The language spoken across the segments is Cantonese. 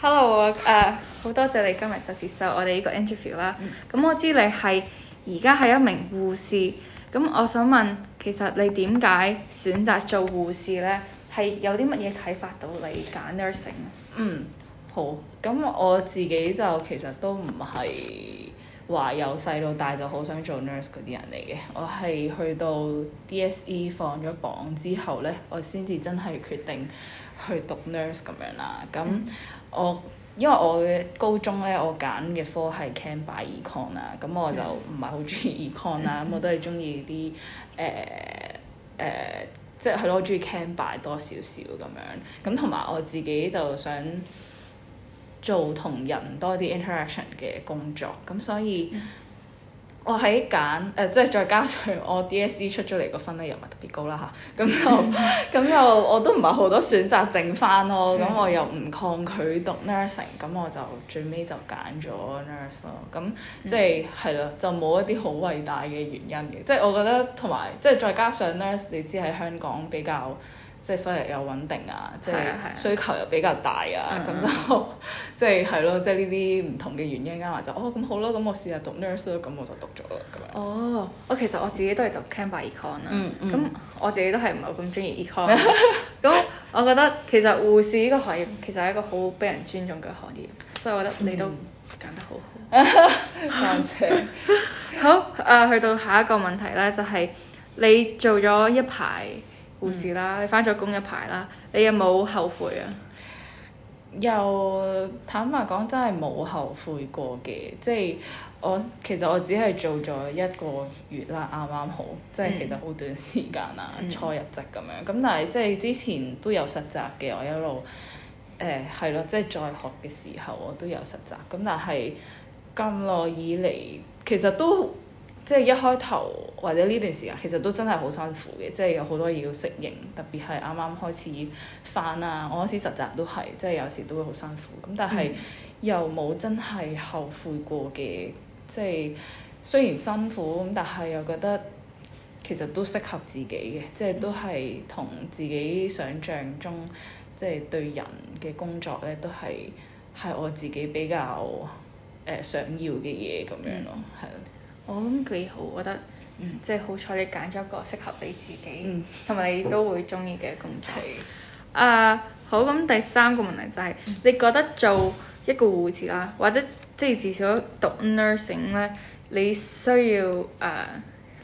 hello，誒、uh，好多謝你今日就接受我哋呢個 interview 啦。咁、嗯嗯、我知你係而家係一名護士，咁我想問，其實你點解選擇做護士呢？係有啲乜嘢啟發到你揀 nursing？嗯，好。咁我自己就其實都唔係話由細到大就好想做 nurse 嗰啲人嚟嘅。我係去到 DSE 放咗榜之後呢，我先至真係決定去讀 nurse 咁樣啦。咁我因為我嘅高中咧，我揀嘅科係 c a n b a y Econ 啦，咁我就唔係好中意 Econ 啦，咁 我都係中意啲誒誒，即係係咯，我中意 c a n b a y 多少少咁樣，咁同埋我自己就想做同人多啲 interaction 嘅工作，咁所以。 我喺揀誒，即係再加上我 DSE 出咗嚟個分咧又唔係特別高啦嚇，咁就咁又 我都唔係好多選擇剩翻咯，咁 我又唔抗拒讀 nursing，咁我就最尾就揀咗 nurse 咯，咁即係係咯，就冇一啲好偉大嘅原因嘅，即係我覺得同埋即係再加上 nurse，你知喺香港比較。即係收入又穩定啊，即、就、係、是、需求又比較大啊，咁、啊啊、就即係係咯，即係呢啲唔同嘅原因啊。埋就哦咁好啦，咁我試下讀 nurse 咯，咁我就讀咗啦咁樣。哦，我其實我自己都係讀 Campbell econ 啊。咁、嗯嗯、我自己都係唔係咁中意 econ，咁我覺得其實護士呢個行業其實係一個好俾人尊重嘅行業，所以我覺得你都揀得好好，況且、嗯、 但是 好啊！去到下一個問題咧，就係、是、你做咗一排。護士啦，你返咗工一排啦，你有冇後悔啊？又坦白講，真係冇後悔過嘅，即係我其實我只係做咗一個月啦，啱啱好，即係其實好短時間啦，嗯、初入職咁樣。咁但係即係之前都有實習嘅，我一路誒係咯，即係在學嘅時候我都有實習。咁但係咁耐以嚟，其實都～即係一開頭或者呢段時間，其實都真係好辛苦嘅，即係有好多嘢要適應，特別係啱啱開始返啊，我開始實習都係，即係有時都會好辛苦。咁但係又冇真係後悔過嘅，即係雖然辛苦咁，但係又覺得其實都適合自己嘅，即係都係同自己想像中即係對人嘅工作咧，都係係我自己比較誒、呃、想要嘅嘢咁樣咯，係咯、嗯。我諗幾好，我覺得，嗯，mm. 即係好彩你揀咗一個適合你自己，同埋、mm. 你都會中意嘅工作。誒 Okay.、uh，好咁第三個問題就係、是，mm. 你覺得做一個護士啦，或者即係至少讀 nursing 咧，mm. 你需要誒、uh,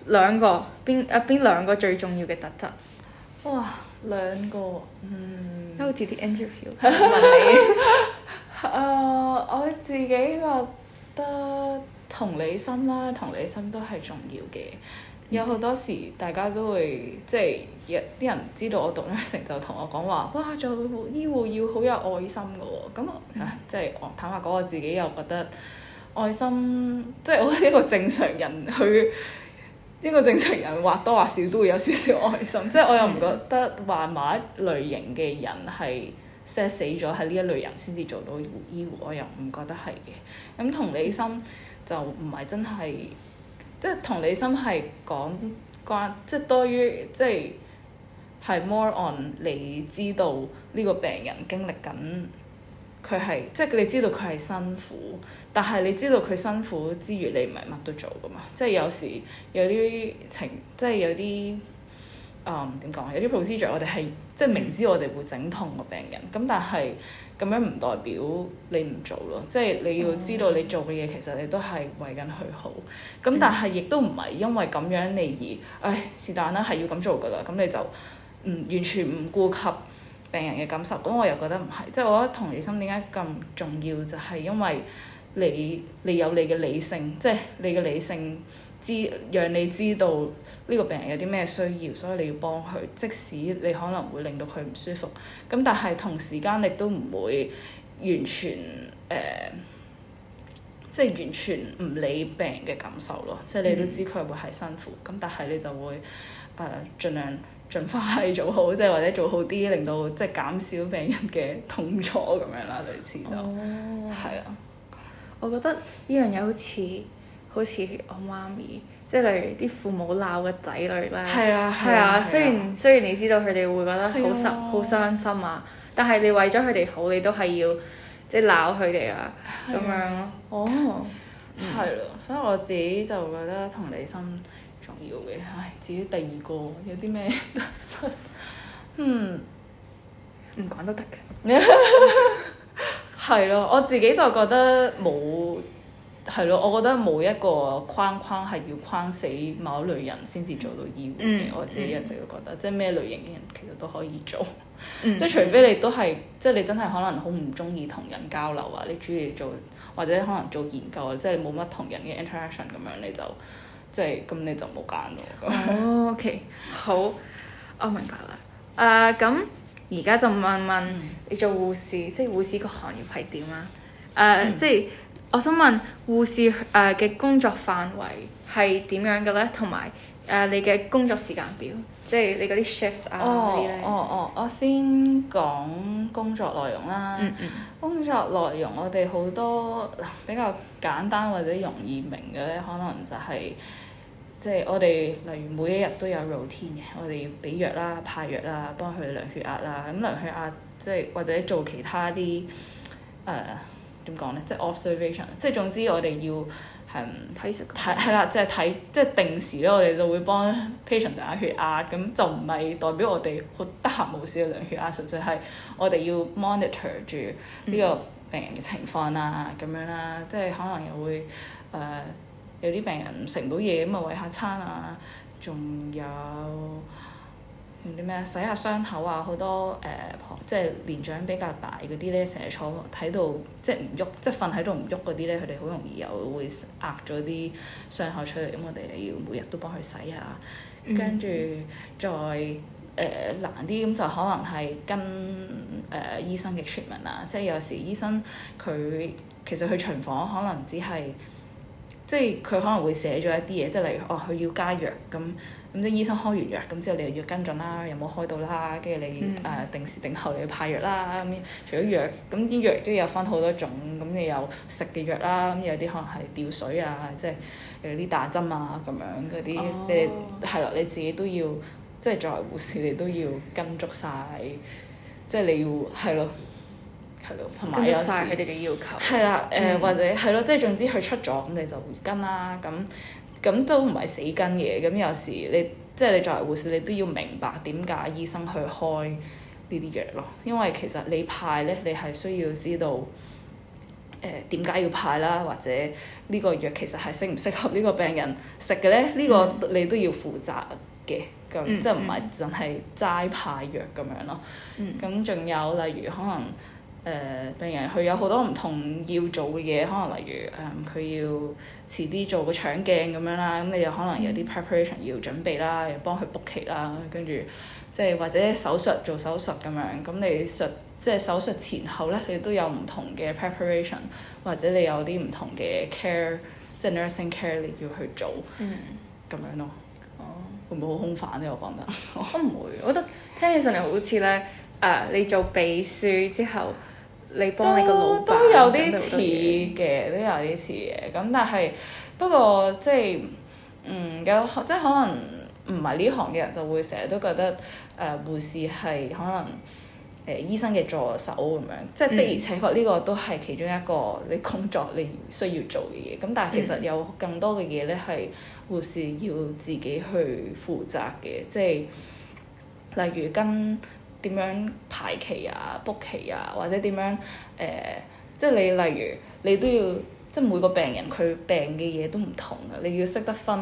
兩個邊啊邊兩個最重要嘅特質？哇，兩個，嗯，都好似啲 interview 問你。誒，我自己覺得。同理心啦，同理心都係重要嘅。有好多時，大家都會即係啲人知道我讀呢成，就同我講話，哇，做醫護要好有愛心嘅喎、哦。咁啊，即係坦白講，我自己又覺得愛心即係我係一個正常人，佢一個正常人或多或少都會有少少愛心。即係 我又唔覺得話某一類型嘅人係 set 死咗喺呢一類人先至做到醫護，我又唔覺得係嘅。咁同理心。就唔係真係，即係同理心係講關，即係多於即係係 more on 你知道呢個病人經歷緊，佢係即係你知道佢係辛苦，但係你知道佢辛苦之餘，你唔係乜都做噶嘛，即係有時有啲情，即係有啲。誒點講？有啲 procedure 我哋係即係明知我哋會整痛個病人，咁但係咁樣唔代表你唔做咯。即係你要知道你做嘅嘢其實你都係為緊佢好。咁但係亦都唔係因為咁樣你而，唉、哎、是但啦，係要咁做㗎啦。咁你就唔完全唔顧及病人嘅感受。咁我又覺得唔係，即係我覺得同理心點解咁重要？就係、是、因為你你有你嘅理性，即係你嘅理性知讓你知道。呢個病人有啲咩需要，所以你要幫佢。即使你可能會令到佢唔舒服，咁但係同時間你都唔會完全誒，即係完全唔理病人嘅感受咯。即係你都知佢會係辛苦，咁，嗯，但係你就會誒盡量盡快做好，即係或者做好啲，令到即係減少病人嘅痛楚咁樣啦，類似就係啊。哦。我覺得呢樣嘢好似好似我媽咪。即係例如啲父母鬧個仔女咧，係啊，雖然雖然你知道佢哋會覺得好失好、啊、傷心啊，但係你為咗佢哋好，你都係要即係鬧佢哋啊，咁樣咯。哦，係咯、嗯啊，所以我自己就覺得同理心重要嘅。唉，至於第二個有啲咩， 嗯，唔講都得嘅。係咯、 啊，我自己就覺得冇。係咯，我覺得冇一個框框係要框死某類人先至做到醫護嘅，嗯、我自己一直都覺得，嗯、即係咩類型嘅人其實都可以做，嗯、 即係除非你都係，即係你真係可能好唔中意同人交流啊，你中意做或者可能做研究啊，即係冇乜同人嘅 interaction 咁樣，你就即係咁你就冇揀咯。哦、 oh，OK，好，我明白啦。誒，咁而家就問問你做護士，即係護士個行業係點啊？誒、uh, 嗯，即係、就是。我想問護士誒嘅、呃、工作範圍係點樣嘅咧？同埋誒你嘅工作時間表，即係你嗰啲 shift 啊嗰啲咧。哦哦，我先講工作內容啦。嗯嗯、工作內容我哋好多比較簡單或者容易明嘅咧，可能就係即係我哋例如每一日都有 routine 嘅，我哋要俾藥啦、派藥啦、幫佢量血壓啦，咁量血壓即係、就是、或者做其他啲誒。呃點講咧？即係 observation，即係總之我哋要係睇，係、嗯、啦，即係睇，即係定時咧，我哋就會幫 patient 打下血壓，咁就唔係代表我哋好得閒無事量血壓，純粹係我哋要 monitor 住呢個病人嘅情況啊，咁、嗯、樣啦，即係可能又會誒、呃、有啲病人食唔到嘢，咁啊餵下餐啊，仲有。用啲咩洗下傷口啊！好多誒、呃，即係年長比較大嗰啲咧，成日坐喺度即係唔喐，即係瞓喺度唔喐嗰啲咧，佢哋好容易又會壓咗啲傷口出嚟，咁我哋要每日都幫佢洗下，跟住、mm hmm. 再誒、呃、難啲咁就可能係跟誒、呃、醫生嘅 treatment 啦、啊，即係有時醫生佢其實去巡房可能只係即係佢可能會寫咗一啲嘢，即係例如哦，佢要加藥咁。咁即係醫生開完藥，咁之後你又要跟進啦，又有冇開到啦？跟住你誒、嗯呃、定時定候你要派藥啦，咁除咗藥，咁啲藥都有分好多種，咁你有食嘅藥啦，咁有啲可能係吊水啊，即係有啲打針啊咁樣嗰啲。哦、你係咯，你自己都要，即係作為護士，你都要跟足晒。即係你要係咯，係咯，有有跟足曬佢哋嘅要求。係啦了，誒、嗯呃、或者係咯，即係總之佢出咗，咁你就跟啦，咁。咁都唔係死根嘅，咁有時你即係、就是、你作為護士，你都要明白點解醫生去開呢啲藥咯，因為其實你派咧，你係需要知道誒點解要派啦，或者呢個藥其實係適唔適合呢個病人食嘅咧，呢、嗯、個你都要負責嘅咁，即係唔係淨係齋派藥咁樣咯。咁仲、嗯、有例如可能。誒、uh, 病人佢有好多唔同要做嘅嘢，可能例如誒佢、嗯、要遲啲做個腸鏡咁樣啦，咁你又可能有啲 preparation 要準備啦，又幫佢 book 期啦，跟住即係或者手術做手術咁樣，咁你術即係手術前後咧，你都有唔同嘅 preparation，或者你有啲唔同嘅 care，即係 nursing care 你要去做，咁、嗯、樣咯。哦，會唔會好空泛咧？我覺得。都 唔會，我覺得聽起上嚟好似咧，誒、uh, 你做秘書之後。你都都有啲似嘅，都有啲似嘅。咁但係不過即係，嗯，有即係可能唔係呢行嘅人就會成日都覺得誒、呃、護士係可能誒、呃、醫生嘅助手咁樣。即係的而且確呢個都係其中一個你工作你需要做嘅嘢。咁、嗯、但係其實有更多嘅嘢咧係護士要自己去負責嘅。即係例如跟，點樣排期啊、book 期啊，或者點樣誒、呃，即係你例如，你都要即係每個病人佢病嘅嘢都唔同嘅，你要識得分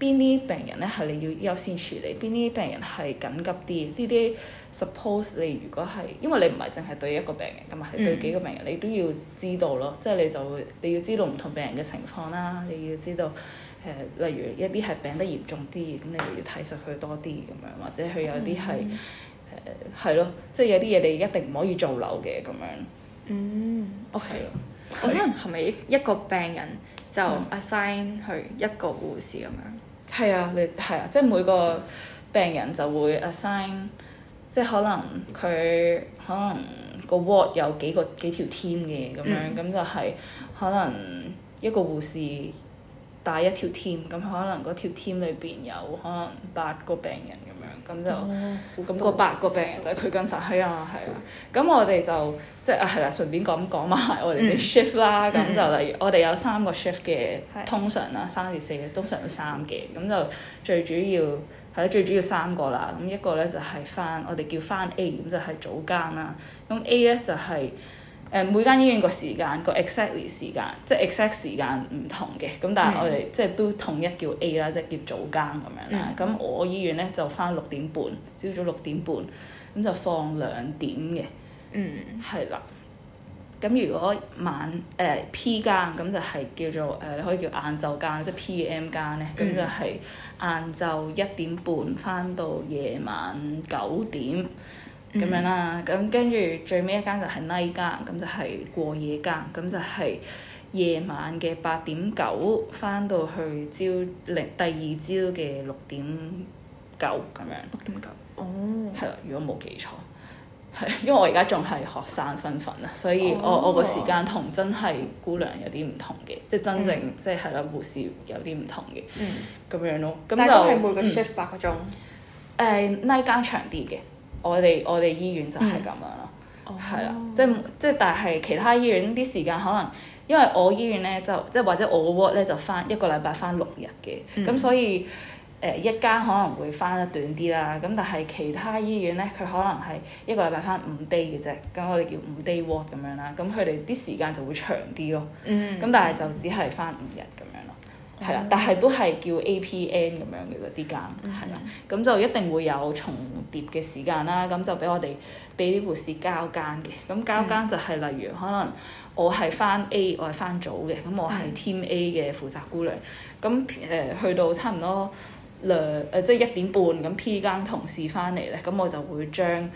邊啲病人咧係你要優先處理，邊啲病人係緊急啲。呢啲 suppose 你如果係，因為你唔係淨係對一個病人，㗎嘛，係對幾個病人，你都要知道咯。即係你就你要知道唔同病人嘅情況啦，你要知道誒、呃，例如一啲係病得嚴重啲，咁你就要睇實佢多啲咁樣，或者佢有啲係。嗯嗯誒係咯，即係、就是、有啲嘢你一定唔可以做漏嘅咁樣。嗯，OK，了我可能係咪一個病人就 assign 去、嗯、一個護士咁樣？係啊，嗯、你係啊，即、就、係、是、每個病人就會 assign，即係可能佢可能個 ward 有幾個幾條 team 嘅咁樣，咁、嗯、就係可能一個護士。帶一條 team，咁可能嗰條 team 裏邊有可能八個病人咁樣，咁就咁個、嗯、八個病人就係佢跟曬，係啊係啊。咁我哋就即係啊係啦、啊啊啊啊，順便講講埋我哋嘅 shift 啦。咁、嗯嗯、就例如我哋有三個 shift 嘅，通常啦、嗯，三至四嘅，通常都三嘅。咁就最主要係咯、啊，最主要三個啦。咁一個咧就係、是、返我哋叫返 A，咁就係早間啦。咁 A 咧就係、是。誒、uh, 每間醫院個時間個 exactly 時間即係 exact 時間唔同嘅，咁但係我哋、mm. 即係都統一叫 A 啦，即係叫早更咁樣啦。咁、mm hmm. 我醫院咧就返六點半，朝早六點半，咁就放兩點嘅，嗯、mm.，係啦。咁如果晚誒、呃、P 更咁就係叫做誒，你可以叫晏晝更，即、就、係、是、P.M. 更咧，咁就係晏晝一點半返到夜晚九點。咁、mm hmm. 樣啦，咁跟住最尾一間就係 night 間，咁就係過夜間，咁就係夜晚嘅八點九翻到去朝零第二朝嘅六點九咁樣。六點九哦。係啦，如果冇記錯，係 因為我而家仲係學生身份啊，所以我、oh. 我個時間同真係姑娘有啲唔同嘅，oh. 即係真正即係係咯護士有啲唔同嘅。嗯、mm。咁、hmm. 樣咯，咁就。但係每個 shift 八、嗯、個鐘。誒 night 間長啲嘅。我哋我哋醫院就係咁樣咯，係啦，即係即係但係其他醫院啲時間可能，因為我醫院咧就即或者我個 work 咧就翻一個禮拜翻六日嘅，咁、嗯、所以誒、呃、一間可能會翻得短啲啦，咁但係其他醫院咧佢可能係一個禮拜翻五 day 嘅啫，咁我哋叫五 day work 咁樣啦，咁佢哋啲時間就會長啲咯，咁、嗯、但係就只係翻五日咁樣咯。係啦、mm hmm.，但係都係叫 A P N 咁樣嘅嘅，其實啲間，係啦，咁、hmm. 就一定會有重疊嘅時間啦。咁就俾我哋俾啲護士交更嘅，咁交更就係例如、mm hmm. 可能我係翻 A，我係翻早嘅，咁我係 Team A 嘅負責姑娘。咁誒、mm hmm. 呃、去到差唔多兩誒即係一點半，咁 P 間同事翻嚟咧，咁我就會將誒、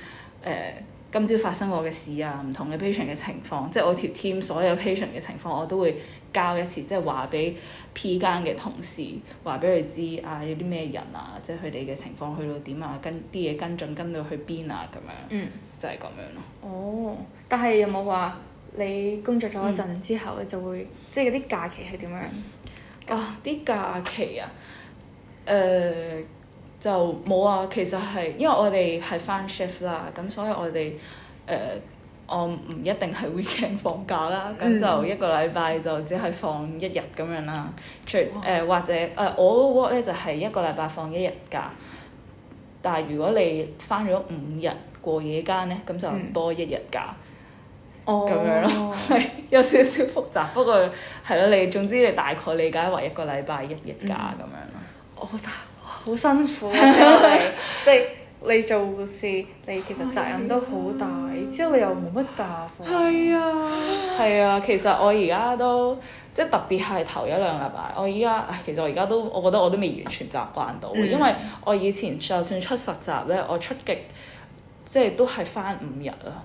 呃、今朝發生過嘅事啊，唔同嘅 patient 嘅情況，即、就、係、是、我條 Team 所有 patient 嘅情況，我都會交一次，即係話俾 P 間嘅同事話俾佢知啊，有啲咩人啊，即係佢哋嘅情況去到點啊，跟啲嘢跟進跟到去邊啊，咁樣，嗯、就係咁樣咯。哦，但係有冇話你工作咗一陣之後，你就會、嗯、即係嗰啲假期係點樣？啊，啲假期啊，誒、呃、就冇啊。其實係因為我哋係翻 shift 啦，咁所以我哋誒。呃我唔一定係 weekend 放假啦，咁就一個禮拜就只係放一日咁樣啦。除誒、嗯呃、或者誒我、呃、work 咧就係一個禮拜放一日假，但係如果你返咗五日過夜間咧，咁就多一日假。嗯、樣哦，咁樣咯，係有少少複雜，不過係咯，你總之你大概理解為一個禮拜一日假咁樣咯、嗯。我覺得好辛苦、啊，即係.。 你做護士，你其實責任都好大，之後、哎、呀你，你又冇乜打火。係啊，係啊，啊，其實我而家都，即係特別係頭一兩禮拜，我依家，其實我而家都，我覺得我都未完全習慣到，因為我以前就算出實習咧，我出極，即係都係返五日啊。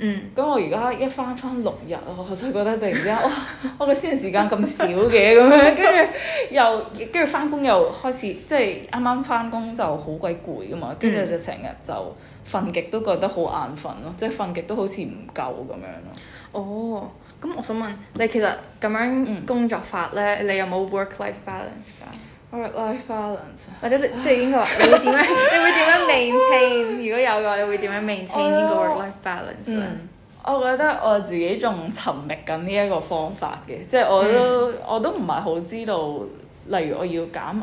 嗯，咁我而家一翻翻六日我就覺得突然之間， 哇！我嘅私人時間咁少嘅，咁 樣跟住又跟住翻工又開始，即係啱啱翻工就好鬼攰噶嘛，跟住、嗯、就成日就瞓極都覺得好眼瞓咯，即係瞓極都好似唔夠咁樣咯。哦，咁我想問你，其實咁樣工作法咧，嗯、你有冇 work life balance 噶？life balance，或者即係應該話？你會點樣？你會點樣 maintain 如果有嘅話，你會點樣 maintain 呢個 work life balance、嗯、我覺得我自己仲尋覓緊呢一個方法嘅，即係我、嗯、我都我都唔係好知道。例如我要減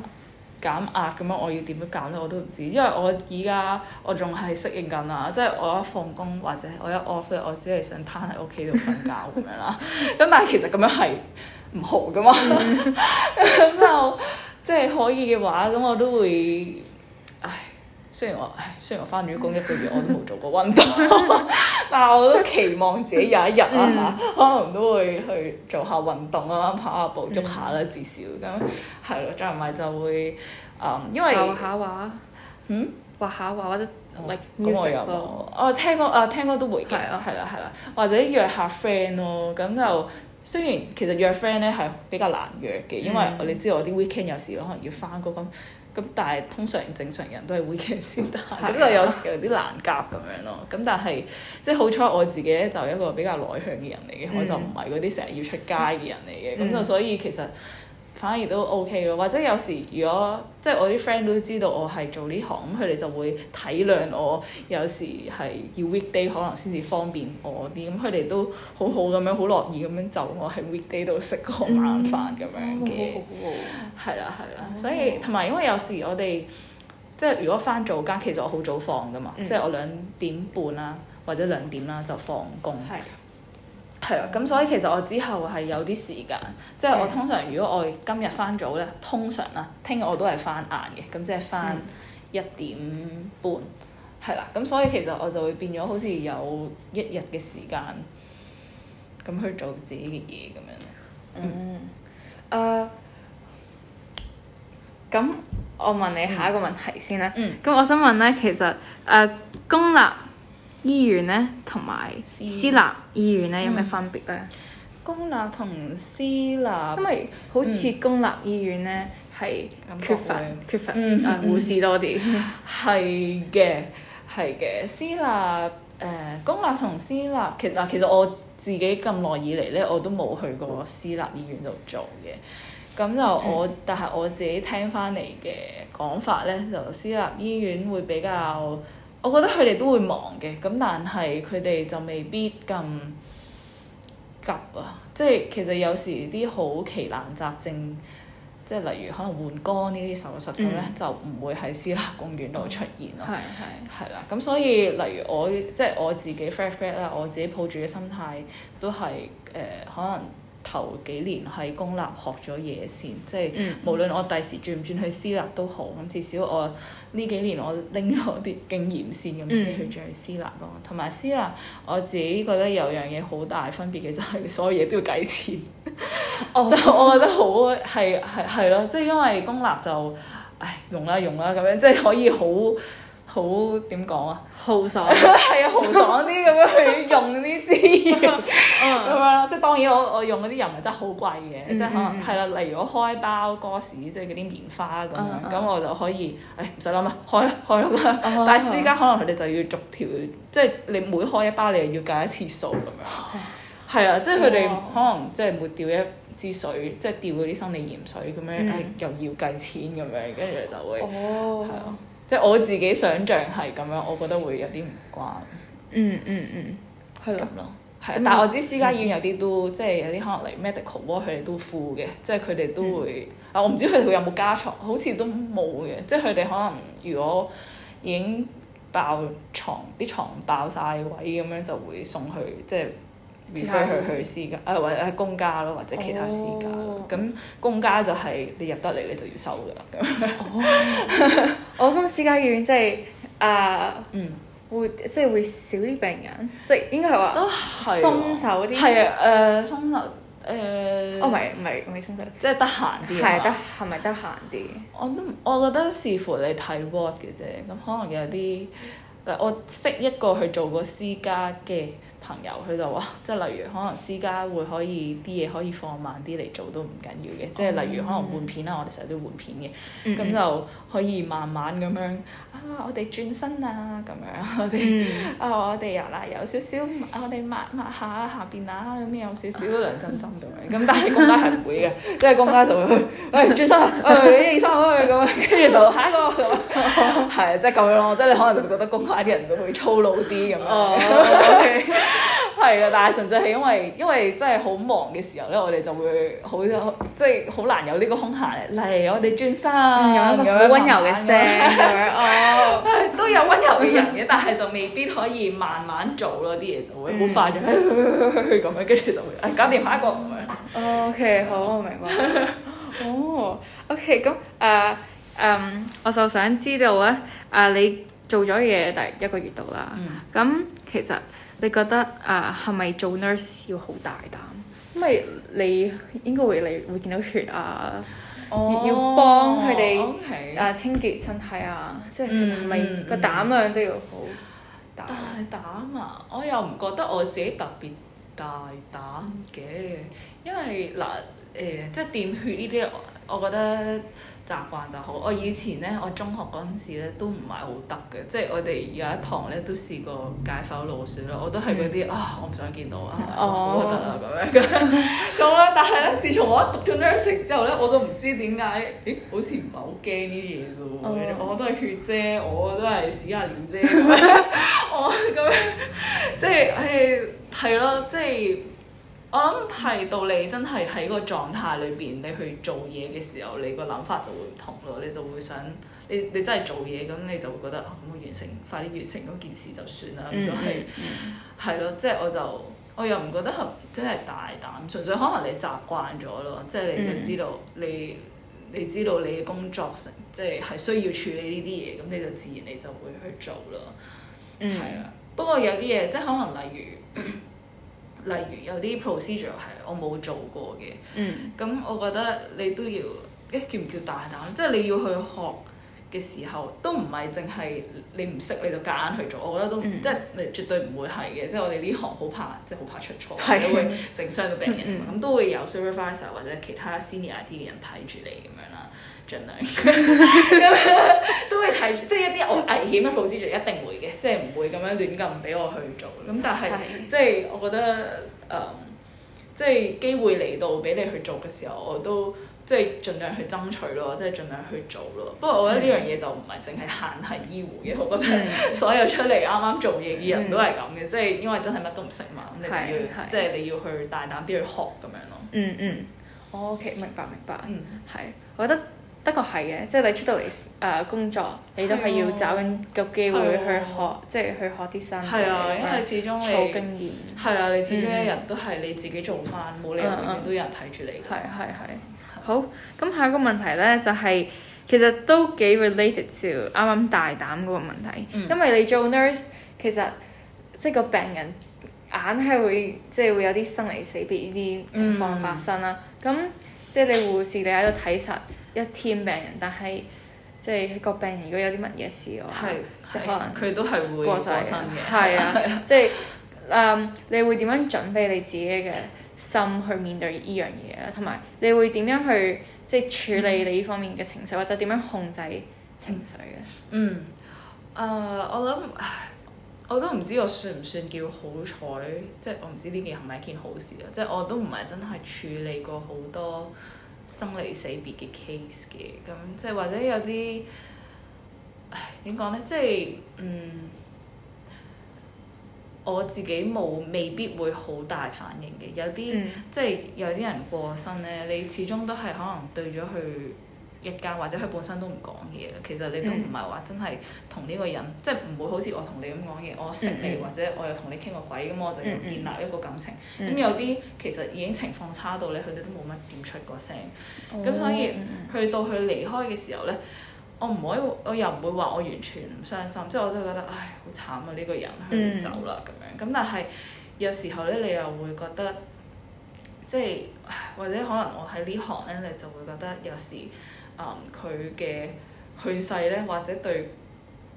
減壓咁樣，我要點樣減咧？我都唔知，因為我而家我仲係適應緊啊！即、就、係、是、我一放工或者我一 off 咧，我只係想攤喺屋企度瞓覺咁樣啦。咁 但係其實咁樣係唔好嘅嘛，咁就～即係可以嘅話，咁我都會，唉，雖然我唉，雖然我返咗工一個月，我都冇做過運動， 但係我都期望自己有一日啊，嗯、可能都會去做下運動啊，跑下步，喐下啦，至少咁係咯，再唔係就會啊、嗯，因為畫下畫,畫，嗯，畫下畫或者 like music 我有有、啊、聽歌啊，聽歌都會嘅，係啦係啦，或者約下 friend 咯，咁就。雖然其實約 friend 咧係比較難約嘅，因為我哋知道我啲 weekend 有時可能要翻工，咁咁但係通常正常人都係 weekend 先得，咁 就有時有啲難夾咁樣咯。咁但係即係好彩我自己咧就一個比較內向嘅人嚟嘅， 我就唔係嗰啲成日要出街嘅人嚟嘅，咁 就所以其實。反而都 OK 咯，或者有時如果即係我啲 friend 都知道我係做呢行，咁佢哋就會體諒我有時係要 weekday 可能先至方便我啲，咁佢哋都好好咁樣好樂意咁樣就我喺 weekday 度食個晚飯咁樣嘅，係啦係啦，所以同埋因為有時我哋即係如果返早間，其實我好早放㗎嘛，即係、嗯、我兩點半啦或者兩點啦就放工。係啊，咁所以其實我之後係有啲時間，即係我通常如果我今日翻早咧，通常啦，聽日我都係翻晏嘅，咁即係翻一點半，係啦、嗯，咁所以其實我就會變咗好似有一日嘅時間，咁去做自己嘅嘢咁樣。嗯。誒、嗯。咁、呃、我問你下一個問題先啦。嗯。咁我想問咧，其實誒、呃、公立醫院咧同埋私立醫院咧有咩分別咧、嗯？公立同私立，因為好似公立醫院咧係、嗯、缺乏、嗯、缺乏啊護士多啲。係嘅，係嘅。私立誒、呃，公立同私立，其實、啊、其實我自己咁耐以嚟咧，我都冇去過私立醫院度做嘅。咁就我，嗯、但係我自己聽翻嚟嘅講法咧，就私立醫院會比較。我覺得佢哋都會忙嘅，咁但係佢哋就未必咁急啊！即係其實有時啲好奇難雜症，即係例如可能換肝呢啲手術咁咧，就唔會喺私立公院度出現咯。係係係啦，咁所以例如我即係我自己 fresh b a c 啦，我自己抱住嘅心態都係誒可能。頭幾年喺公立學咗嘢先，即係無論我第時轉唔轉去私立都好，咁至少我呢幾年我拎咗啲經驗先，咁先去轉去私立咯。同埋、mm hmm. 私立，我自己覺得有樣嘢好大分別嘅就係、是，所有嘢都要計錢。哦，就我覺得好係係係咯，即係因為公立就唉用啦用啦咁樣，即係可以好。好點講啊？豪爽係啊，豪爽啲咁樣去用呢支源，係咪即係當然，我我用嗰啲油咪真係好貴嘅，即係可能係啦。例如我開包哥氏，即係嗰啲棉花咁樣，咁我就可以誒唔使諗啦，開啦開啦。但係私家可能佢哋就要逐條，即係你每開一包你又要計一次數咁樣。係啊，即係佢哋可能即係抹掉一支水，即係掉嗰啲生理鹽水咁樣，誒又要計錢咁樣，跟住就會係啊。即係我自己想象係咁樣，我覺得會有啲唔慣。嗯嗯嗯，係、嗯、咯，係。嗯、是但係我知私家醫院有啲都、嗯、即係有啲可能嚟 medical，佢哋、嗯、都 full 嘅，即係佢哋都會。嗯、啊，我唔知佢哋會有冇加床，好似都冇嘅。即係佢哋可能如果已經爆床，啲床爆晒位咁樣就會送去即係。prefer 去去私家啊，或者係公家咯，或者其他私家。咁、哦、公家就係你入得嚟，你就要收㗎啦。咁、 哦、 我覺得私家醫院即係啊，就是呃、嗯，會即係、就是、會少啲病人，即、就、係、是、應該係話、哦、鬆手啲。係啊，誒鬆手誒。哦，唔係唔係唔係鬆手，即、呃、係、哦、得閒啲啊嘛。係得係咪得閒啲？我都我覺得視乎你睇 what 嘅啫。咁可能有啲嗱，我識一個去做過私家嘅。朋友佢就話，即係例如可能私家會可以啲嘢可以放慢啲嚟做都唔緊要嘅，即係例如可能換片啦，oh, mm, mm. 我哋成日都換片嘅，咁就可以慢慢咁樣啊，我哋轉身啊咁樣，我哋、mm. 啊我哋啊啦有少少，我哋抹抹，抹下下邊啊，有咩有少少涼浸浸咁樣，咁、oh, okay. 但係公家係唔會嘅，即係公家就會，喂、欸、轉身啊，一二三啊咁啊，跟住就下一個，係即係咁樣咯、oh. 就是，即係你可能就會覺得公家啲人都會粗魯啲咁樣。Oh, okay. 係啊，但係純粹係因為，因為真係好忙嘅時候咧，我哋就會好即係好難有呢個空閒嚟。我哋轉身咁樣，有溫柔嘅聲哦，有慢慢 都有溫柔嘅人嘅， 但係就未必可以慢慢做咯，啲嘢就會好快就咁樣，跟住 就會啊，搞掂下一個。 OK，好，我明白。哦、 oh,，OK，咁誒，嗯、uh, um,，我就想知道咧，誒、uh,，你做咗嘢第一個月度啦，咁、嗯、其實。你覺得啊，係咪做 nurse 要好大膽？因為你應該會你會見到血啊，oh, 要要幫佢哋 okay. 啊清潔身體啊，即係係咪個膽量都要好？大膽啊！我又唔覺得我自己特別大膽嘅，因為嗱誒、呃呃，即係掂血呢啲，我覺得。習慣就好。我以前咧，我中學嗰陣時咧都唔係好得嘅，即係我哋有一堂咧都試過解剖老鼠咯。我都係嗰啲啊，我唔想見到啊，好得啦，咁樣。咁啊，但係咧，自從我一讀咗 nursing 之後咧，我都唔知點解，咦？好似唔係好驚呢啲嘢啫喎。我都係血啫，我都係屎啊尿啫。我咁，即係誒，係、哎、咯，即係。我諗係到你真係喺個狀態裏邊，你去做嘢嘅時候，你個諗法就會唔同咯，你就會想，你你真係做嘢咁，你就會覺得，咁、哦、我完成，快啲完成嗰件事就算啦，咁都係，係、hmm. 咯，即係、mm hmm. 就是、我就，我又唔覺得係真係大膽，純粹可能你習慣咗咯，即、就、係、是、你你知道、mm hmm. 你，你知道你嘅工作成，即係係需要處理呢啲嘢，咁你就自然你就會去做咯，係啊、mm hmm.，不過有啲嘢，即、就、係、是、可能例如。 例如有啲 procedure 係我冇做過嘅，嗯，咁我覺得你都要，誒，叫唔叫大膽？即係你要去學嘅時候，都唔係淨係你唔識你就夾硬去做。我覺得都、嗯、即係你絕對唔會係嘅，即係我哋呢行好怕，即係好怕出錯，係，都會整傷到病人。咁、嗯嗯、都會有 supervisor 或者其他 senior 啲嘅人睇住你咁樣。盡量， 都會睇，即係一啲危險嘅措施就一定會嘅，即係唔會咁樣亂咁俾我去做。咁、嗯、但係，是的 即係我覺得，誒、嗯，即係機會嚟到俾你去做嘅時候，我都即係盡量去爭取咯，即係盡量去做咯。不過我覺得呢樣嘢就唔係淨係限係醫護嘅，我覺得所有出嚟啱啱做嘢嘅人都係咁嘅，即係是的 因為真係乜都唔識嘛，咁是的 你就要是的 即係你要去大膽啲去學咁樣咯，是的，是的，嗯。嗯嗯，OK，明白明白，明白。嗯，係，我覺得。的確係嘅，即係你出到嚟誒工作，你都係要找緊個機會去學，即係去學啲新嘅嘢，因為始終你儲、啊、經驗。係、嗯、啊，你始終一日都係你自己做翻，冇理由都有人睇住你。係係係。好，咁下一個問題咧就係、是，其實都幾 related to 啱啱大膽嗰個問題，嗯、因為你做 nurse 其實即係個病人硬係會即係、就是、會有啲生離死別呢啲情況發生啦。咁、嗯、即係你護士，你喺度睇實一天病人，但係即係個病人如果有啲乜嘢事喎，即可能佢都係會過身嘅。係 啊， 即係誒，um, 你會點樣準備你自己嘅心去面對呢樣嘢咧？同埋你會點樣去即係處理你呢方面嘅情緒，嗯、或者點樣控制情緒咧、嗯？嗯，誒、uh，我諗我都唔知我算唔算叫好彩，即係我唔知呢件係咪一件好事啊！即係我都唔係真係處理過好多。生離死別嘅 case 嘅，咁即係或者有啲，點講呢？即係嗯，我自己冇未必會好大反應嘅，有啲、嗯、即係有啲人過身呢，你始終都係可能對咗佢。一間或者佢本身都唔講嘢，其實你都唔係話真係同呢個人，嗯、即係唔會好似我同你咁講嘢。我識你、嗯、或者我又同你傾過鬼，咁、嗯、我就要建立一個感情。咁、嗯嗯、有啲其實已經情況差到咧，佢哋都冇乜點出個聲。咁、哦、所以、嗯、去到佢離開嘅時候咧，我唔可以，我又唔會話我完全唔傷心，即、就、係、是、我都覺得唉好慘啊！呢、這個人去走啦咁、嗯、樣。咁但係有時候咧，你又會覺得即係或者可能我喺呢行咧，你就會覺得有時。誒佢嘅去世咧，或者對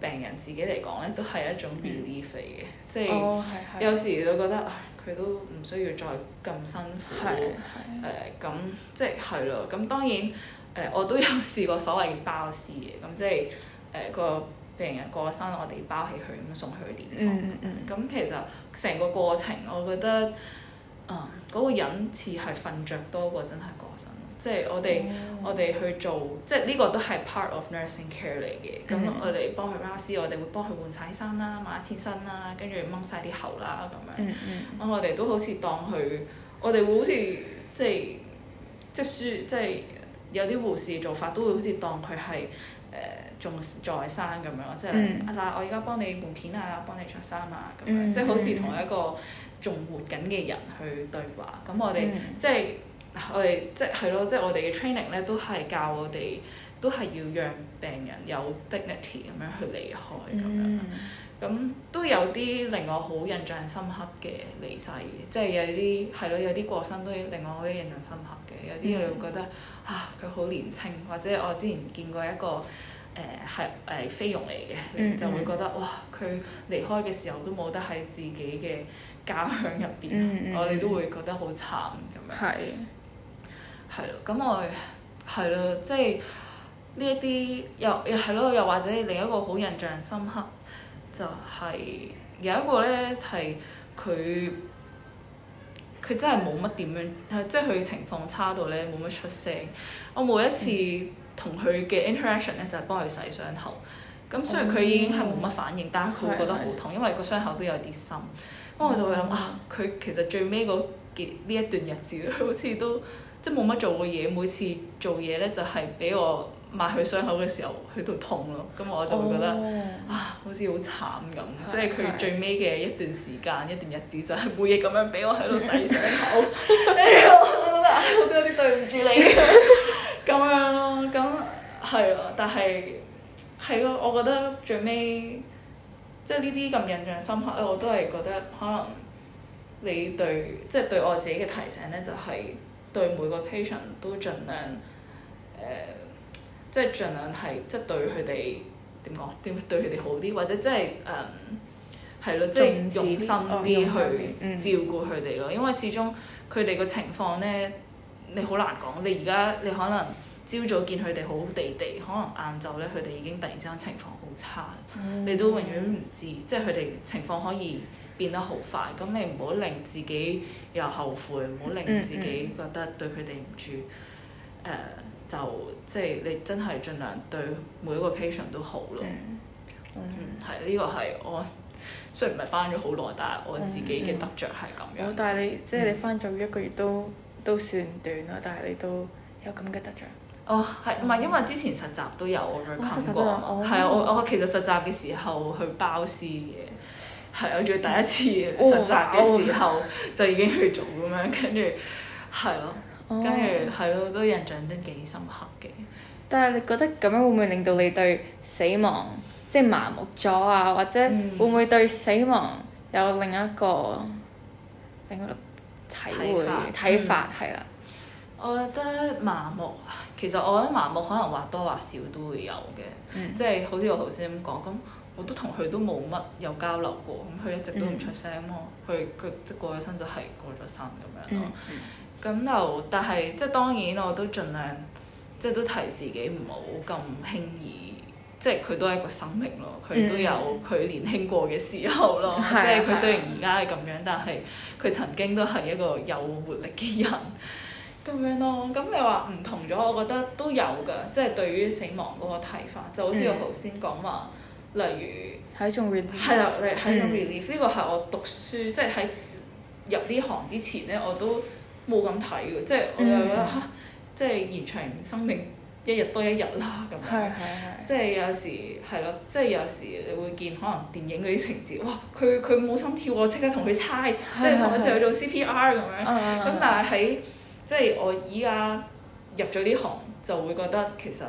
病人自己嚟講咧，都係一種 benefit 嘅，即係有時就覺得，唉，佢都唔需要再咁辛苦，誒咁 Yes, yes.、呃、即係係咯，咁當然誒、呃、我都有試過所謂包屍嘅，咁即係誒、呃那個病人過身，我哋包起佢咁送去殮房。嗯咁、mm hmm. 其實成個過程，我覺得誒嗰、呃那個人似係瞓着多過真係過身。即係我哋、oh. 我哋去做，即係呢個都係 part of nursing care 嚟嘅。咁、mm hmm. 我哋幫佢抹身，我哋會幫佢換晒衫啦、換一次身啦，跟住掹晒啲喉啦咁樣。咁、mm hmm. 嗯、我哋都好似當佢，我哋會好似即係即係輸，即係有啲護士做法都會好似當佢係誒仲在生咁樣，即係嗱、mm hmm. 啊、我而家幫你換片啊，幫你着衫啊咁樣，mm hmm. 即係好似同一個仲活緊嘅人去對話。咁我哋即係。Hmm. Mm hmm. mm hmm. 我哋即係咯，即係我哋嘅 training 咧，都係教我哋都係要讓病人有 dignity 咁樣去離開咁樣。咁、嗯、都有啲令我好印象深刻嘅離世，即係有啲係咯，有啲過身都令我好印象深刻嘅。有啲我會覺得、嗯、啊，佢好年輕，或者我之前見過一個誒係誒菲傭嚟嘅，呃呃、就會覺得嗯嗯哇佢離開嘅時候都冇得喺自己嘅家鄉入邊，嗯嗯我哋都會覺得好慘咁樣。嗯嗯係咯，咁我係咯，即係呢一啲又又係咯，又或者另一個好印象深刻，就係、是、有一個咧係佢佢真係冇乜點樣，即係佢情況差到咧冇乜出聲。我每一次同佢嘅 interaction 咧，就係幫佢洗傷口。咁雖然佢已經係冇乜反應，但係佢會覺得好痛，因為個傷口都有啲深。咁我就會諗、嗯、啊，佢其實最尾嗰呢一段日子好似都～即係冇乜做過嘢，每次做嘢咧就係俾我抹佢傷口嘅時候，喺度痛咯。咁我就會覺得啊、哦，好似好慘咁。是是是即係佢最尾嘅一段時間、一段日子，就係、是、每日咁樣俾我喺度洗傷口。跟住我覺得，我都有啲對唔住你咁 樣咯。咁係啊，但係係咯，我覺得最尾即係呢啲咁印象深刻咧，我都係覺得可能你對即係、就是、對我自己嘅提醒咧，就係、是。對每個 patient 都盡量誒、呃，即係盡量係即係對佢哋點講？點對佢哋好啲？或者即係誒，係、嗯、咯，即係用心啲去照顧佢哋咯。嗯、因為始終佢哋個情況咧，你好難講。你而家你可能朝早見佢哋好地地，可能晏晝咧佢哋已經突然之間情況好差，嗯、你都永遠唔知，即係佢哋情況可以變得好快，咁你唔好令自己有後悔，唔好令自己覺得對佢哋唔住。誒、嗯嗯呃，就即係你真係盡量對每一個 patient 都好咯、嗯。嗯，係呢、這個係我雖然唔係翻咗好耐，但係我自己嘅得着係咁樣。嗯嗯、但係你即係、就是、你翻咗一個月都都算短啦，但係你都有咁嘅得着。哦，係唔係因為之前實習都有咁樣過？係啊、哦，我我，我其實實習嘅時候去包廂嘅。係，我最第一次實、嗯、習嘅時候噢就已經去做咁樣，跟住係咯，跟住係咯，都印象都幾深刻嘅。但係你覺得咁樣會唔會令到你對死亡即係麻木咗啊？或者會唔會對死亡有另一個、嗯、另一個體會睇法、睇法係啦？我覺得麻木，其實我覺得麻木可能或多或少都會有嘅，即係、嗯、好似我頭先咁講咁。我都同佢都冇乜有交流過，咁佢一直都唔出聲咯。佢佢即過咗身就係過咗身咁樣咯。咁又、嗯嗯、但係即、就是、當然我都盡量即、就是、都提自己唔好咁輕易，即、就、佢、是、都係一個生命咯，佢、嗯、都有佢年輕過嘅時候咯。即佢、嗯、雖然而家係咁樣，但係佢曾經都係一個有活力嘅人咁樣咯。咁你話唔同咗，我覺得都有㗎，即、就是、對於死亡嗰個睇法，就好似我頭先講話。嗯嗯例如喺做 relief，係啊，嚟喺做 relief 呢個係我讀書即係喺入呢行之前咧，我都冇咁睇嘅，即係我又覺得即係延長生命一日多一日啦咁。係係係。即係有時係咯，即係、嗯、有時你會見可能電影嗰啲情節，哇！佢佢冇心跳，我即刻同佢猜，即係同佢做做 CPR 咁樣。咁、嗯、但係喺即係我依家入咗呢行，就會覺得其實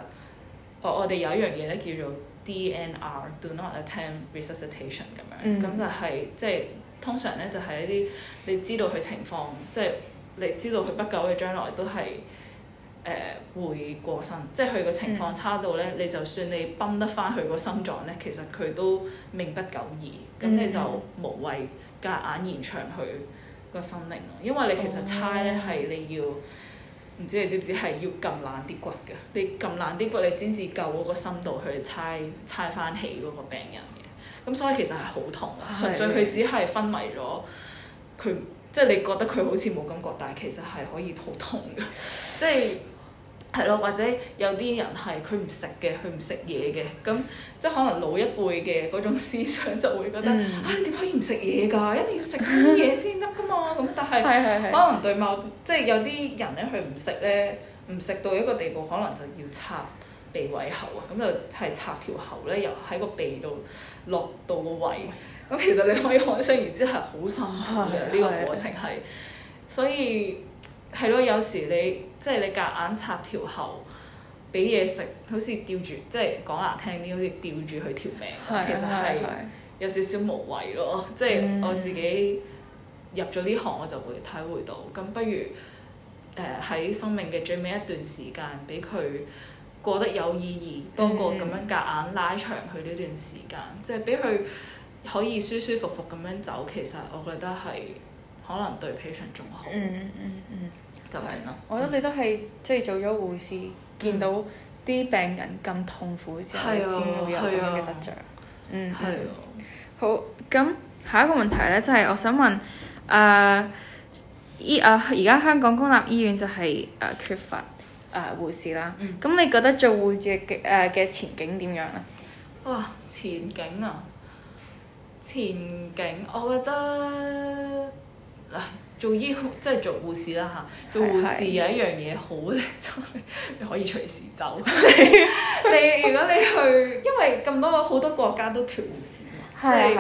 我我哋有一樣嘢咧叫做。DNR Do Not Attempt Resuscitation 咁樣、嗯，咁就係即係通常咧就係一啲你知道佢情況，即、就、係、是、你知道佢不久嘅將來都係誒、呃、會過身，即係佢個情況差到咧，嗯、你就算你泵得翻佢個心臟咧，其實佢都命不久矣，咁、嗯、你就無謂隔硬延長佢個生命咯，因為你其實猜咧係你要。唔知你知唔知係要撳爛啲骨㗎？你撳爛啲骨，你先至夠嗰個深度去猜猜翻起嗰個病人嘅。咁所以其實係好痛呀，是純粹佢只係昏迷咗。佢即係你覺得佢好似冇感覺，但係其實係可以好痛嘅，即係。係咯，或者有啲人係佢唔食嘅，佢唔食嘢嘅，咁即係可能老一輩嘅嗰種思想就會覺得啊，你點可以唔食嘢㗎？一定要食啲嘢先得㗎嘛！咁但係的可能對某，即、就、係、是、有啲人咧，佢唔食咧，唔食到一個地步，可能就要插鼻胃喉啊，咁就係插條喉咧，由喺個鼻度落到個胃。咁其實你可以看上，然之係好辛苦嘅呢個過程係，是是所以。係咯，有時你即係你夾硬，硬插條喉俾嘢食，好似吊住，即係講難聽啲，好似吊住佢條命。的其實係有少少無謂咯，即係我自己入咗呢行我就會體會到。咁不如誒喺、呃、生命嘅最尾一段時間，俾佢過得有意義，多過咁樣夾硬拉長佢呢段時間，即係俾佢可以舒舒服服咁樣走。其實我覺得係。可能對皮膚仲好。嗯嗯嗯嗯，咁樣咯。我覺得你都係即係做咗護士，見到啲病人咁痛苦之後，先會有咁樣嘅得著。嗯，係。好，咁下一個問題呢，就係我想問誒醫誒而家香港公立醫院就係誒缺乏誒護士啦。咁你覺得做護士嘅誒嘅前景點樣呢？哇！前景啊！前景，我覺得。嗱，做醫即係做護士啦嚇，做護士有一樣嘢好咧，就你可以隨時走。你如果你去，因為咁多好多國家都缺護士即係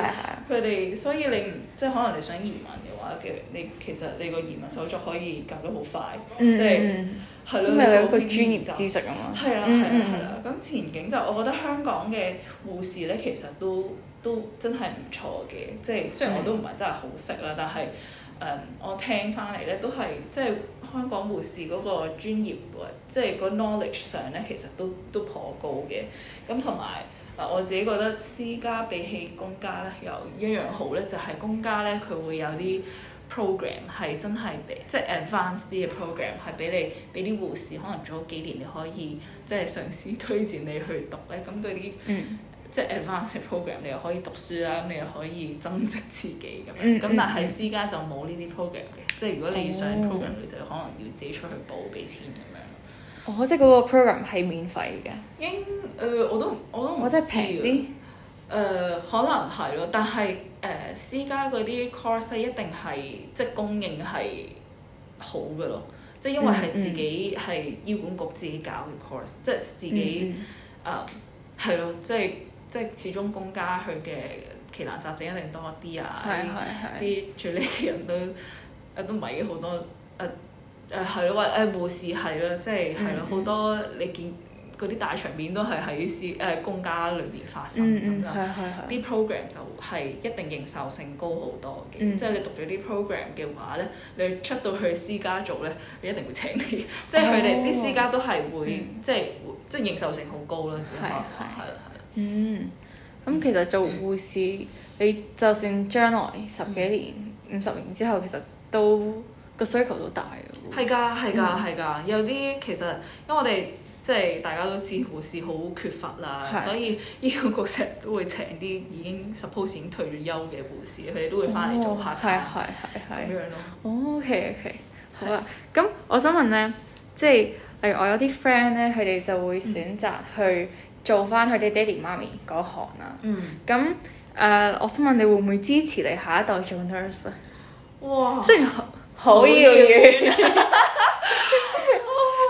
佢哋，所以你唔，即係可能你想移民嘅話嘅，你其實你個移民手續可以搞得好快，即係係咯，就是嗯、你有個專業知識啊嘛。係啦係啦係啦，咁、嗯、前景就我覺得香港嘅護士咧，其實都都，都真係唔錯嘅，即係雖然我都唔係真係好識啦，但係。但誒，um, 我聽翻嚟咧，都係即係香港護士嗰個專業即係個 knowledge 上咧，其實都都頗高嘅。咁同埋誒，我自己覺得私家比起公家咧，有一樣好咧，就係、是、公家咧佢會有啲 program 係真係比即係 advance 啲嘅 program，係俾你俾啲護士可能早幾年你可以即係上司推薦你去讀咧，咁嗰啲嗯。嗯即係 advanced program，你又可以讀書啦，咁你又可以增值自己咁樣。咁但係私家就冇呢啲 program 嘅，即係如果你要想 program，你、oh. 就可能要自己出去補，俾錢咁樣。哦，oh, 即係嗰個 program 係免費嘅。英，誒、呃，我都我都唔知。誒、呃，可能係咯，但係誒、呃、私家嗰啲 course 一定係即係供應係好嘅咯，即係因為係自己係醫管局自己搞嘅 course，mm hmm. 即係自己誒係咯，即係。即即係始終公家佢嘅奇難雜症一定多一啲啊！啲住理嘅人，都啊都唔係好多啊，啊係咯，話誒護士係咯，即係係咯好多你見嗰啲大場面都係喺私誒、啊、公家裏邊發生咁樣，啲 program 就係一定認受性高好多嘅。即係、嗯、你讀咗啲 program 嘅話咧，你出到去私家做咧，你一定會請你。嗯、即係佢哋啲私家都係會即係即係認受性好高啦，只不過啦。的嗯，咁、嗯嗯嗯、其實做護士， 你就算將來十幾年、五十、嗯、年之後，其實都個需求都大嘅。係㗎，係㗎，係㗎。有啲其實，因為我哋即係大家都知護士好缺乏啦，的所以醫管局成日都會請啲已經 suppose 已經退咗休嘅護士，佢哋都會翻嚟做客。㗎、哦。係係係。咁樣咯。哦，OK OK 的。好啦，咁我想問咧，即係例如我有啲 friend 咧，佢哋就會選擇去、嗯。嗯做翻佢哋爹哋媽咪嗰行啦，咁誒、mm.，我想問你會唔會支持你下一代做 nurse 啊？哇，即係好遙遠，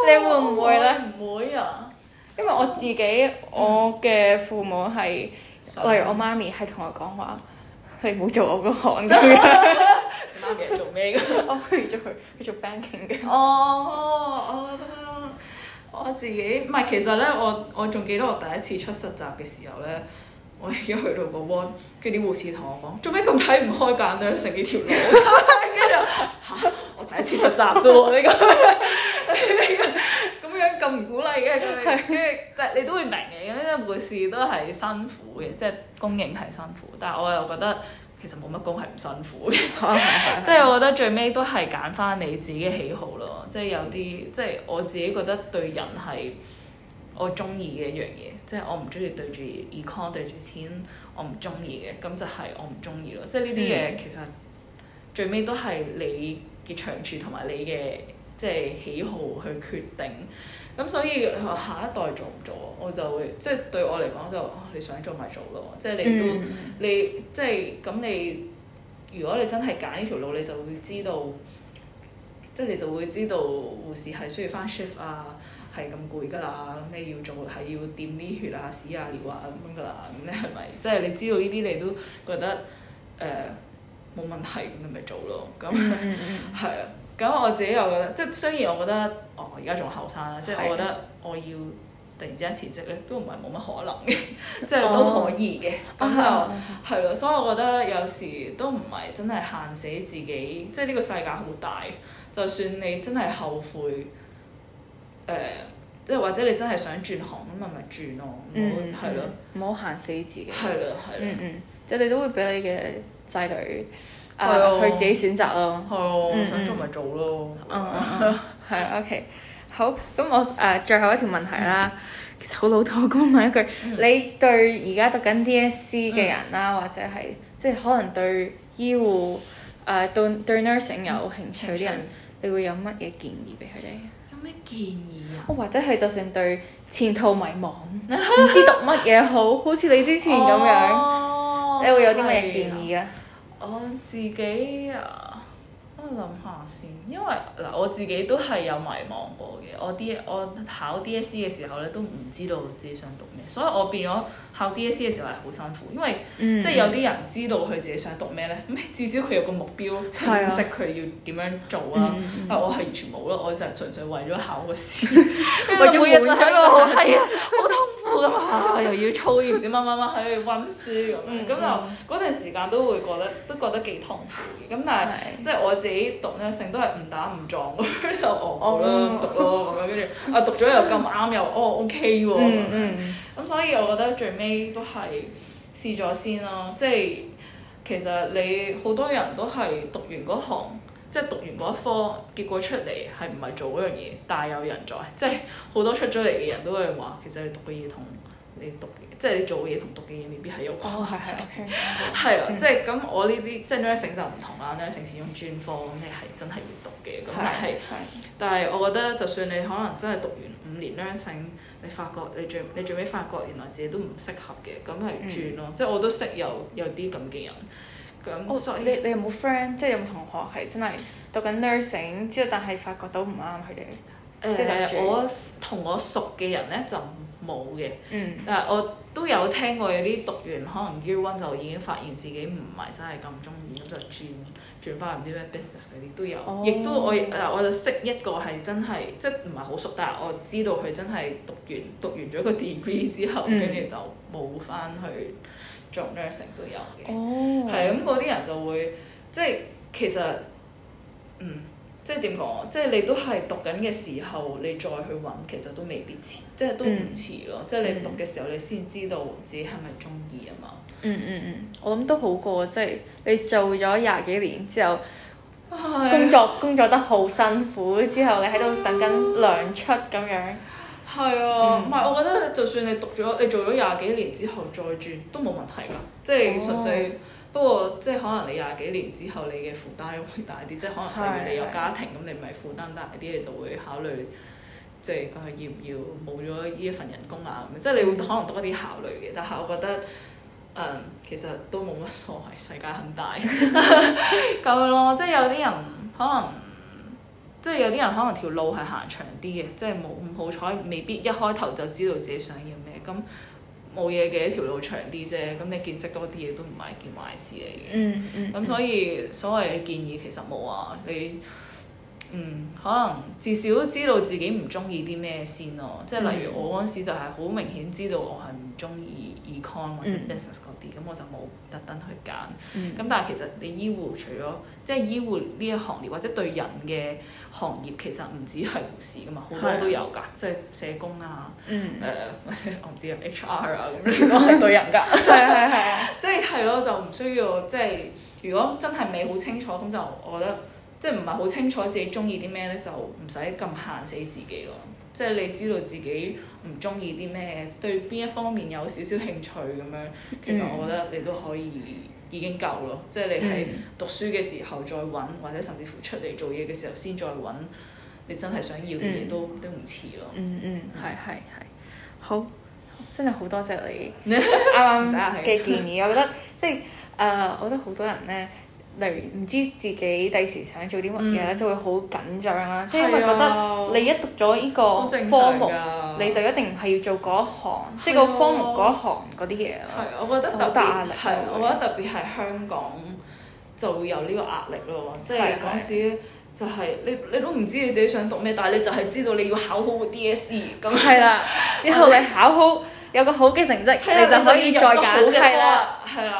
你會唔會咧？唔會啊，因為我自己我嘅父母係， 嗯、例如我媽咪係同我講話，你唔好做我嗰行嘅，你 媽咪係做咩嘅？我譬如咗佢，去做 banking 嘅。哦、oh。Oh, oh. 我自己唔係，其實咧，我我仲記得我第一次出實習嘅時候咧，我已經去到個 room，跟住啲護士同我講：做咩咁睇唔開㗎？成幾條路，跟住吓，我第一次實習啫喎！呢個呢個咁樣咁唔鼓勵嘅，跟住即係你都會明嘅，因為護士都係辛苦嘅，即係公認係辛苦，但係我又覺得。其實冇乜工係唔辛苦嘅，即係我覺得最尾都係揀翻你自己嘅喜好咯。即係、mm hmm. 有啲，即係我自己覺得對人係我中意嘅一樣嘢，即係我唔中意對住 econ 對住錢，我唔中意嘅，咁就係我唔中意咯。即係呢啲嘢其實最尾都係你嘅長處同埋你嘅。即係喜好去決定，咁所以下一代做唔做，我就會即係對我嚟講就、哦、你想做咪做咯，即係你都、嗯、你即係咁你如果你真係揀呢條路，你就會知道，即係你就會知道護士係需要翻 shift 啊，係咁攰㗎啦，咁你要做係要掂啲血啊、屎啊、尿啊咁樣㗎啦，咁你係咪即係你知道呢啲你都覺得誒、呃、冇問題咁咪做咯，咁係啊。嗯 咁我自己又覺得，即係雖然我覺得，哦而家仲後生啦，的即係我覺得我要突然之間辭職咧，都唔係冇乜可能嘅，即係都可以嘅。咁、oh, 就係咯、oh, oh. 嗯，所以我覺得有時都唔係真係限死自己，即係呢個世界好大，就算你真係後悔，誒、呃，即係或者你真係想轉行咁啊，咪轉咯，唔好係咯，唔好、hmm. 限、嗯嗯、死自己。係咯係咯，嗯即係你都會俾你嘅仔女。係佢自己選擇咯。係咯，想做咪做咯。啊，係啊。OK，好。咁我誒最後一條問題啦，其實好老土咁問一句：你對而家讀緊 DSC 嘅人啦，或者係即係可能對醫護誒對對 nursing 有興趣啲人，你會有乜嘢建議俾佢哋？有咩建議啊？或者係就算對前途迷茫，唔知讀乜嘢好，好似你之前咁樣，你會有啲乜嘢建議啊？我自己啊，我諗下先，因為嗱我自己都係有迷茫過嘅。我 D 我考 DSE 嘅時候咧，都唔知道自己想讀咩，所以我變咗考 DSE 嘅時候係好辛苦，因為即係有啲人知道佢自己想讀咩咧，至少佢有個目標，識佢要點樣做啊。我係完全冇咯，我就純粹為咗考個試，跟住 滿 每日就喺度，係、嗯、啊，好痛咁啊 又要操業啲乜乜乜喺度溫書咁，咁就嗰段時間都會覺得都覺得幾痛苦嘅。咁但係、mm hmm. 即係我自己讀呢，成都係唔打唔撞，就哦啦讀咯咁、哦 okay mm hmm. 樣。跟住啊讀咗又咁啱又哦 OK 喎，咁、hmm. 嗯、所以我覺得最尾都係試咗先囉。即係其實你好多人都係讀完嗰行。即係讀完嗰一科，結果出嚟係唔係做嗰樣嘢，大有人在，即係好多出咗嚟嘅人都係話，其實你讀嘅嘢同你讀， 即你同讀，即係你做嘅嘢同讀嘅嘢未必係有關。哦，係係，OK。係啊，即係咁，我呢啲即係 nursing 就唔同啦，nursing 是用專科，咁你係真係要讀嘅。咁但係，但係 我覺得，就算你可能真係讀完五年 nursing，你發覺你最你最尾發覺原來自己都唔適合嘅，咁係轉咯。 即係我都識有有啲咁嘅人。哦、以你你有冇 friend 即係有冇同學係真係讀緊 nursing 之後，但係發覺都唔啱佢哋？誒、呃，是我同我熟嘅人咧就冇嘅。嗯。但係我都有聽過有啲讀完可能 year one 就已經發現自己唔係真係咁中意，咁就轉轉翻唔知咩 business 嗰啲都有。亦、哦、都我嗱，我就識一個係真係即係唔係好熟，但係我知道佢真係讀完讀完咗個 degree 之後，跟住、嗯、就冇翻去。做咩成都有嘅，係啊、oh.，咁嗰啲人就會，即係其實，嗯，即係點講？即係你都係讀緊嘅時候，你再去揾，其實都未必遲，即係都唔遲咯。嗯、即係你讀嘅時候，你先知道自己係咪中意啊嘛。嗯嗯嗯，我諗都好過，即係你做咗廿幾年之後，哎、呀工作工作得好辛苦，之後你喺度等緊糧出咁、哎、呀樣。係 啊，唔係、嗯、我覺得就算你讀咗，你做咗廿幾年之後再轉都冇問題㗎，即係實際。Oh. 不過即係可能你廿幾年之後你嘅負擔會大啲，即係可能你你有家庭咁是你唔係負擔大啲，你就會考慮。即係誒、呃，要唔要冇咗呢一份人工啊？咁即係你會可能多啲考慮嘅，但係我覺得誒、呃、其實都冇乜所謂，世界很大咁樣咯。 was, 即係有啲人，可能，有人可能。即係有啲人可能條路係行長啲嘅，即係冇咁好彩，未必一開頭就知道自己想要咩，咁冇嘢嘅一條路長啲啫，咁你見識多啲嘢都唔係一件壞事嚟嘅，咁、嗯嗯嗯、所以所謂嘅建議其實冇啊，你。嗯，可能至少知道自己唔中意啲咩先咯，即係例如我嗰陣時就係好明顯知道我係唔中意 econ 或者 business 嗰啲，咁、嗯、我就冇特登去揀。咁、嗯嗯、但係其實你醫護除咗即係醫護呢一行業，或者對人嘅行業，其實唔止係護士噶嘛，好多都有噶，對即係社工啊，嗯，誒、呃，或者我唔知啊 HR 啊，咁樣 都係對人噶，係啊，係啊，係啊，即係係咯，就唔、是就是就是、需要即係如果真係未好清楚，咁就我覺得。tan tan tan 即係唔係好清楚自己中意啲咩咧，就唔使咁限死自己咯。即係你知道自己唔中意啲咩，對邊一方面有少少興趣咁樣，其實我覺得你都可以已經夠咯。嗯、即係你喺讀書嘅時候再揾，或者甚至乎出嚟做嘢嘅時候先再揾，你真係想要嘅嘢都都唔遲咯、嗯。嗯嗯，係係係，好，真係好多謝你啱啱嘅建議。我覺得即係誒、呃，我覺得好多人呢，例如唔知自己第時想做啲乜嘢咧，就會好緊張啦。即係因為覺得你一讀咗呢個科目，你就一定係要做嗰行，即係個科目嗰行嗰啲嘢啦。係啊，我覺得特別係香港就會有呢個壓力咯。即係嗰時就係你你都唔知你自己想讀咩，但係你就係知道你要考好 DSE。係啦，之後你考好有個好嘅成績，你就可以入好嘅科。係啦，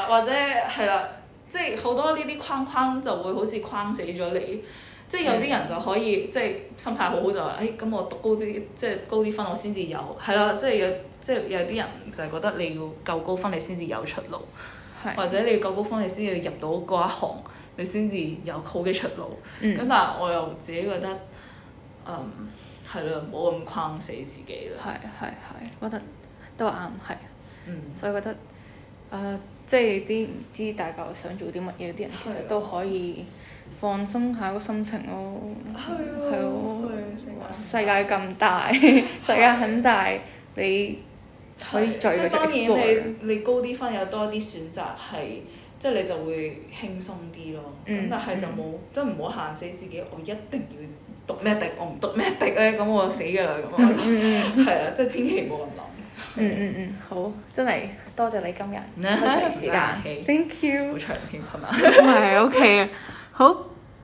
或者係啦。即係好多呢啲框框就會好似框死咗你，即係有啲人就可以、mm. 即係心態好好、mm. 就話，誒、欸、咁我讀高啲，即係高啲分，我先至有，係啦，即係有即係有啲人就係覺得你要夠高分你先至有出路，係。或者你要夠高分你先要入到嗰一行，你先至有好嘅出路。嗯。咁但係我又自己覺得，嗯係啦，唔好咁框死自己啦。係係係，我覺得都啱，係。嗯。Mm. 所以覺得，誒、呃。即係啲唔知大家想做啲乜嘢啲人，其實都可以放鬆下個心情咯。係啊！係啊，世界咁大，世界很大，你可以再。當然，你你高啲分有多啲選擇，係即係你就會輕鬆啲咯。咁但係就冇，即係唔好限死自己。我一定要讀咩的，我唔讀咩的咧，咁我死㗎啦咁。嗯嗯嗯，係啊，即係千祈唔好咁諗。嗯嗯嗯，好，真係。多謝，謝你今日 時間，Thank you，好長篇，係嘛？唔係 OK 啊，好。